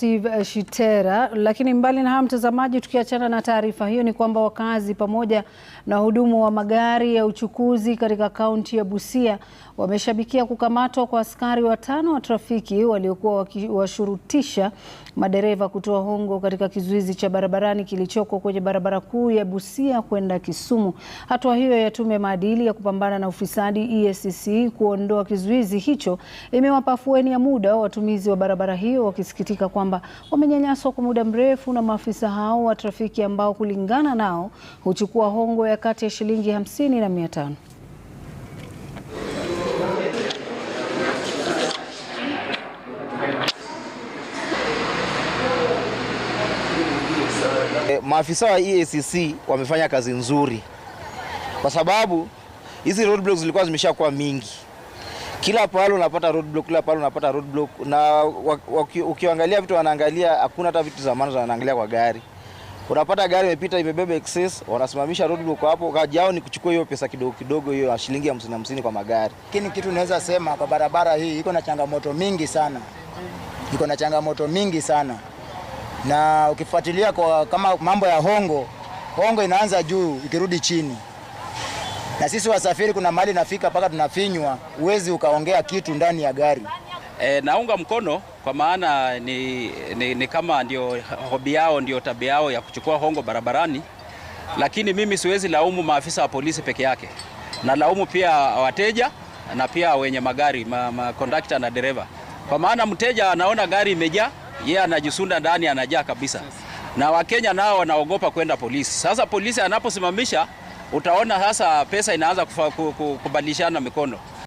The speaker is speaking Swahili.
Steve Shitera. Lakini mbali na hayo, mtazamaji, tukiachana na taarifa hiyo, ni kwamba wakazi pamoja na wahudumu wa magari ya uchukuzi katika kaunti ya Busia wameshabikia kukamatwa kwa askari watano wa trafiki waliokuwa wakiwashurutisha madereva kutoa hongo katika kizuizi cha barabarani kilichoko kwenye barabara kuu ya Busia kwenda Kisumu. Hatua hiyo ya tume maadili ya kupambana na ufisadi EACC kuondoa kizuizi hicho imewapa afueni ya muda watumizi wa barabara hiyo wakisikitika kwamba kwamba wamenyanyaswa kwa muda mrefu na maafisa hao wa trafiki ambao kulingana nao huchukua hongo ya kati ya shilingi 50 na 500. Eh, maafisa wa EACC wamefanya kazi nzuri kwa sababu hizi roadblocks zilikuwa zimeshakuwa mingi kila pahali unapata roadblock, kila pahali unapata roadblock, na ukiangalia vitu wanaangalia, hakuna hata vitu za maana wanaangalia kwa gari. Unapata gari imepita imebeba excess, wanasimamisha roadblock hapo. kajao ni kuchukua hiyo pesa kidogo kidogo, hiyo shilingi hamsini hamsini kwa magari. Lakini kitu naweza sema kwa barabara hii iko na changamoto mingi sana, iko na changamoto mingi sana na ukifuatilia kwa kama mambo ya hongo, hongo inaanza juu ikirudi chini na sisi wasafiri, kuna mali nafika mpaka tunafinywa, uwezi ukaongea kitu ndani ya gari. E, naunga mkono kwa maana ni, ni, ni kama ndio hobi yao, ndio tabia yao ya kuchukua hongo barabarani, lakini mimi siwezi laumu maafisa wa polisi peke yake, na laumu pia wateja na pia wenye magari makondakta ma, na dereva, kwa maana mteja anaona gari imejaa, yeye anajisunda ndani, anajaa kabisa, na Wakenya nao wanaogopa kwenda polisi. Sasa polisi anaposimamisha utaona sasa pesa inaanza kubadilishana mikono.